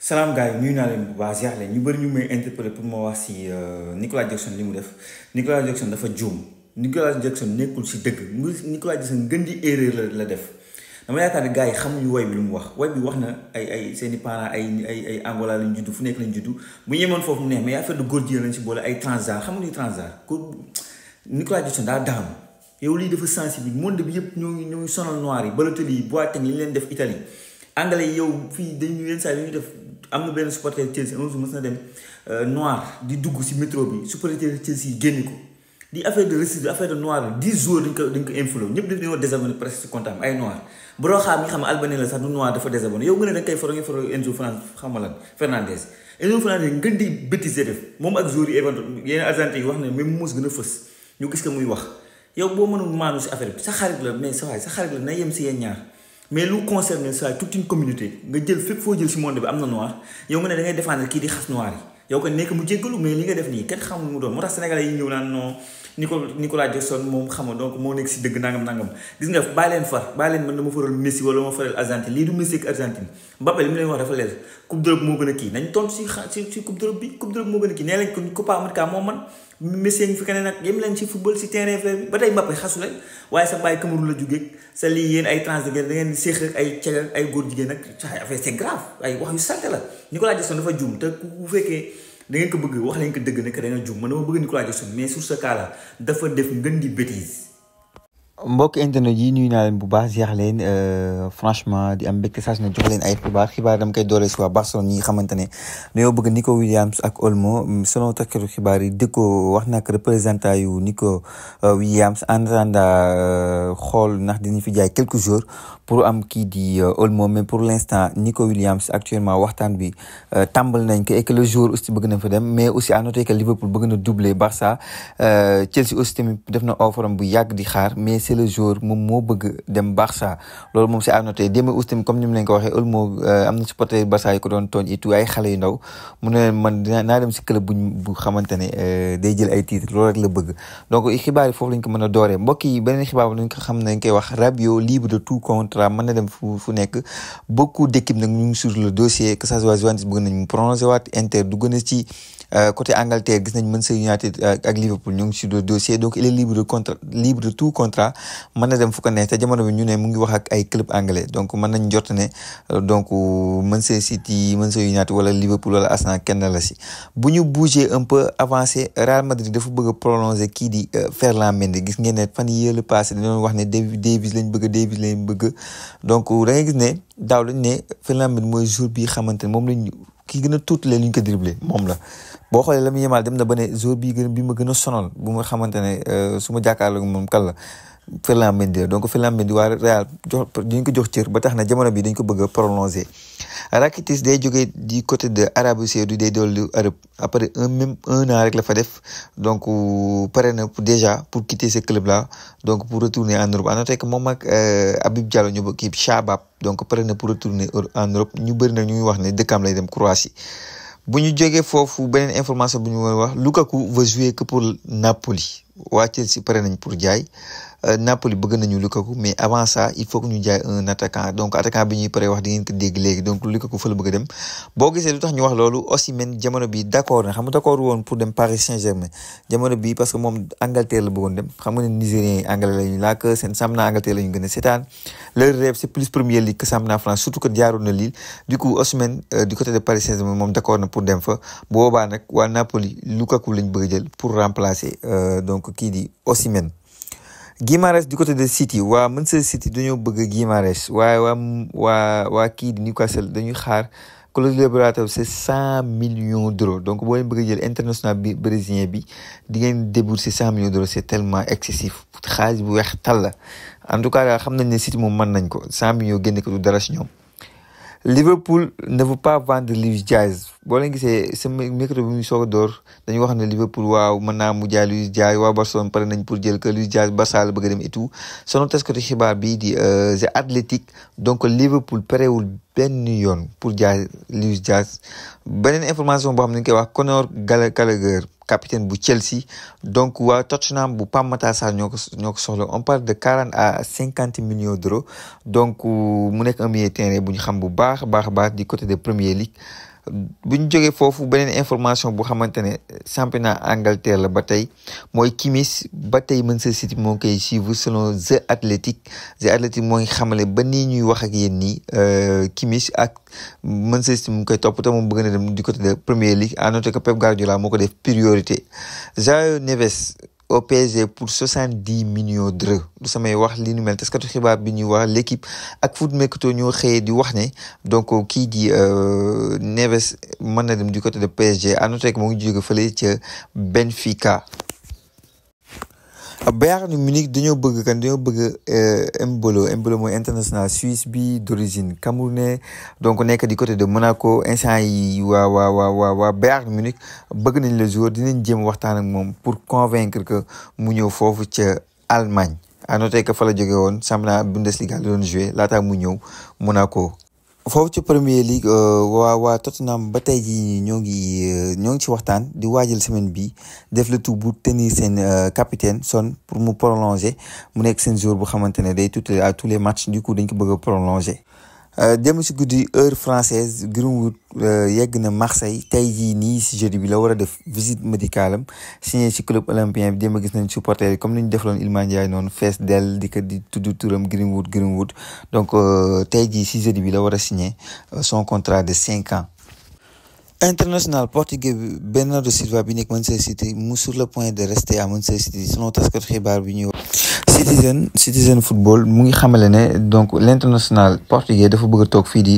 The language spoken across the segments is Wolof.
salaam gars yi naa leen baax ziar ñu bëri ñu may interpeller pour ma wax si euh, Nicolas Jackson li mu def Nicolas Jackson dafa juum Nicolas Jackson nekkul si dëgg Nicolas Jackson gën di erreur lu mu wax woy bi wax na ay ay seeni parents ay ay ay Angola lañ juddu fu nekk lañ juddu mu neex mais affaire de góor jigéen lañ si boole ay transgenre xamuñu transgenre ko Nicolas Jackson daa daanu yow lii dafa sensible monde bi yëpp ñoo ngi ñoo ngi sonal noir yi Balotelli yi Boateng yi leen def Italie anglais yow fii dañu yenn saa yi dañuy def am na benn supporter Chelsea un jour na dem euh, noir di dugg si métro bi supporter Chelsea génne ko di affaire de racisme affaire de noir la dix jours dañ ko dañ nga xam ne albanais la sax du noir dafa désabonné yow nga ne da nga koy foro nga foro Enzo Fernandez xam nga lan Fernandez Enzo Fernandez ngën di def moom ak joueurs yi éventuellement yenn argentin wax ne même moos gën a fës ñu gis ko muy wax yow boo mënul maanu si affaire bi sa xarit mais sa waay yem si yeen ñaar mais lu concerne ça toute une communauté nga jël fépp foo jël si monde bi am na noir yow nga ne da ngay kii di xas noir yi yow ko nekk mu jéggalu mais li nga def nii kenn xamul mu doon moo tax sénégalais yi ñëw naan non Nicolas Nicolas Jackson moom xam nga moo nekk si dëgg nangam nangam gis nga bàyyi leen far bàyyi leen man dama faral Messi wala ma faral Argentine lii du Messi ak Argentine Mbappé li mu leen wax dafa a kii nañ tontu si si a kii leen si football si bi ba tey waaye sa bàyyi Cameroun la jógee sa lii yéen ay trans de guerre da ngeen séex ak ay ceg ak ay góor jigéen nag ay affaire yu salte la Nicolas Jackson dafa juum te ku fekkee da ngeen ko bëgg wax leen ko dëgg ne que da nga juum man dama bëgg Nicolas Jackson mais sur ce cas dafa def ngën di bêtise mbokk internet yi nuyu naa leen bu baax jeex leen euh, franchement di am mbégte saa su ne jox leen ay xibaar xibaar dama koy doole si waa Barcelone ñi nga xamante ne dañoo bëgg Nico Williams ak Olmo selon takkatu xibaar yi dëkkoo wax nak représentant yu Nico euh, Williams en attendant euh, xool ndax dinañ fi jaay quelques jours pour am kii di Olmo mais pour l'instant Nico Williams actuellement waxtaan bi tàmbal nañ ko et que le jour aussi bëgg na fa dem mais aussi à noter que Liverpool bëgg na doubler Barça Chelsea aussi tamit def na offre am bu yàgg di xaar c'est le jour moom moo bëgg dem Barça loolu moom c'est à noter démb Oustim comme ni mu leen ko waxee Olmo euh, am na supporter Barça yi ko doon tooñ itu ay xale yu ndaw mu ne man naa dem si club bu xamante ne euh, day jël ay titre loolu rek la bëgg donc xibaar yi foofu lañ ko mën a dooree mbokk yi beneen xibaar lañ ko xam ne dañ koy wax Rabiot libre na dem fu nekk beaucoup d'équipes nag ñu ngi sur le dossier que ça soit Juventus bëgg nañ mu prolongé waat Inter dugg na ci euh, côté Angleterre gis nañ Manchester United ak Liverpool ñu ngi sur le dossier donc il est contrat mën na dem fu ko neex te jamono bi ñu ne mu ngi wax ak ay club anglais donc mën nañ jot ne donc man Manchester City Manchester United wala Liverpool wala Arsenal kenn la si bu ñu bouger un peu avancé Real Madrid dafa bëgg a prolonger kii di euh, Ferland Mendy gis ngeen ne fan yii la passé dañoo wax ne Davies lañ bëgg Davies lañ bëgg donc da ngay gis ne daaw lañ ne Ferland Mendy mooy jour bi xamante ne moom lañ kii gën a tuutalee lu ñu ko dribblé moom la boo xoolee la mu yemaal dem na ba ne jour bii gën bi ma gën a sonal bu ma xamante ne euh, su ma jàkkaarloo moom kan la Ferland Mendy la donc Ferland Mendy waa Real jox dañ ko jox cër ba tax na jamono bi dañ ko bëgg a prolonger Rakitic day jogee di côté de Arabie Saoudite day dolli Europe après un même un an rek la fa def donc pare na déjà pour quitter ce club là donc pour retourner en Europe à noter que moom ak euh, Habib Diallo ñu bokk Shabab donc pare na pour retourner en ñu bëri na ñu wax ne dëkkam lay dem Croatie. bu ñu jegee foofu beneen information bu ñu war a wax Lukaku va jouer que pour Napoli. waa Chelsea pare nañ pour jaay euh, Napoli bëgg nañu Lukaku mais avant ça il faut que ñu jaay un attaquant donc attaquant bi ñuy pare wax di ngeen ko dégg léegi donc Lukaku fa la dem boo gisee lu tax ñu wax loolu Osimhen jamono bi d' na xam ne Nigériens yi anglais la ñu seen sàmm naa Angleterre la ñu gën a seetaan leur rêve c' plus Premier League que sàmm naa France surtout que jaaroon na Lille du coup Osimhen euh, du côté de Paris Saint-Germain moom d' donc kii di Osimhen Guimaraes du côté de City waa Manchester City dañoo bëgg Guimaraes waaye waa waa waa kii di Newcastle dañuy xaar clause libératoire se cent millions d'euros donc boo leen bëgg jël international bi brésilien bi di ngeen débourser cent millions d'euros c'est tellement excessif xaalis bu weex tàll la en tout cas daal xam nañ ne City moom mën nañ ko cent millions génne ko du dara si ñoom. Liverpool ne veut pas vendre Luis Diaz boo leen gisee sama micro bi muy door dañu wax ne Liverpool waaw mën naa mu jaay Luis Diaz waa Barcelone pare nañ pour jël que Luis Diaz Barça la dem et tout sunu taskatu xibaar bi di euh, The Athletic donc Liverpool parewul benn yoon pour jaay Luis Diaz beneen information boo xam ne dañ koy wax Conor Gallagher capitaine bu Chelsea donc waa Tottenham bu Pape Matar ñoo ko ñoo ko soxla on par de quarante à cinquante millions d'euros donc euh, mu nekk un milieu terrain bu ñu xam bu baax baax baax di côté de Premier League bu ñu jógee foofu beneen information bu xamante ne championnat Angleterre la ba tey mooy kimis ba tey Manchester City moo koy suivre selon The Athletic The Athletic moo xamale ba nii ñuy wax ak yéen nii euh, Kimmich ak Manchester City mu ngi koy toppatoo moom bëgg na dem du côté de Premier League à noter que Pep Guardiola moo ko def priorité João Neves. OPG pour soixante dix millions d'euros du samay wax li nu mel taskatu xibaar bi ñuy wax l'équipe ak Foot Mercato ñoo xëyee di wax ne donc kii di euh, Neves mën na dem du côté de PSG à noter que mu ngi jóge fële ca Benfica. Ah, Bayern Munich dañoo bëgg kan dañoo bëgg Embolo eh, Embolo mooy international suisse bi d'origine camerounais donc nekk di côté de Monaco instant yi waa waa waa waa waa Bayern Munich bëgg nañ le joueur dinañ jéem waxtaan ak moom pour convaincre que mu ñëw foofu ca Allemagne à noter que fa la woon semble Bundesliga la doon joué laataa mu ñëw Monaco foofu ci Premier League euh, waa waa Tottenham ba tey jii ñoo ngi euh, ñoo ngi ci waxtaan di waajal semaine bi def le tout bu tenir seen euh, capitaine Son pour mu prolonger mu nekk seen jour bu xamante ne day tuuti à tous les matchs du coup dañ ko bëgg a prolonger. Euh, dem si guddi heure française Greenwood euh, yegg na Marseille tey jii nii si jeudi bi la war a def visite médicale am signé si club olympien bi démb gis nañ supporter yi comme ni ñu def defaloon Iliman Ndiaye noonu fees dell di ko di tuddu turam Greenwood Greenwood donc euh, tey jii si jeudi bi la war a signé son contrat de cinq ans. international portugais bi Bernardo Silva bi nekk Manchester City mu sur le point de rester à Manchester City selon taskat xibaar bi ñuy Citizen Citizen football mu ngi xamale ne donc l'international portugais dafa bëgg toog fii di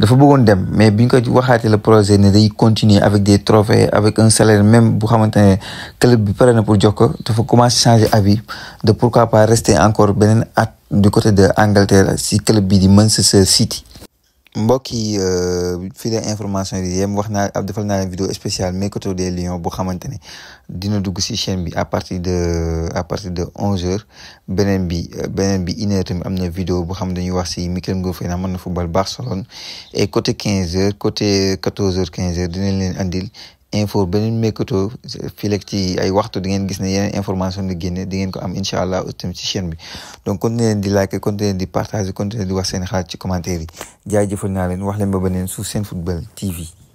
dafa bëggoon dem mais bi ñu ko waxaatee le projet ne day continuer avec des trophées avec un salaire même bu xamante ne club bi pare na pour jox ko dafa commencé changer avis de pourquoi pas rester encore beneen at du côté de Angleterre si club bi di Manchester City. mbokk yi euh, fii la information yi yem wax naa ab defal naa leen vidéo spéciale mercato des Lions bu xamante ne dina dugg si chaîne bi à partir de à de onze heures beneen bi beneen bi une heure am na vidéo boo xam dañuy wax si Mikel Ngor Faye naa mën na football Barcelone et côté quinze heures côté quatorze heures quinze heures dinañ leen andil info beneen Mercato fii rek ci ay waxtu di ngeen gis ne yeneen information di génne di ngeen ko am incha allah itam ci chaîne bi donc continuer leen di like continuer leen di partage continuer di wax seen xalaat ci commentaire yi jaajëfal naa leen wax leen ba beneen su seen football TV.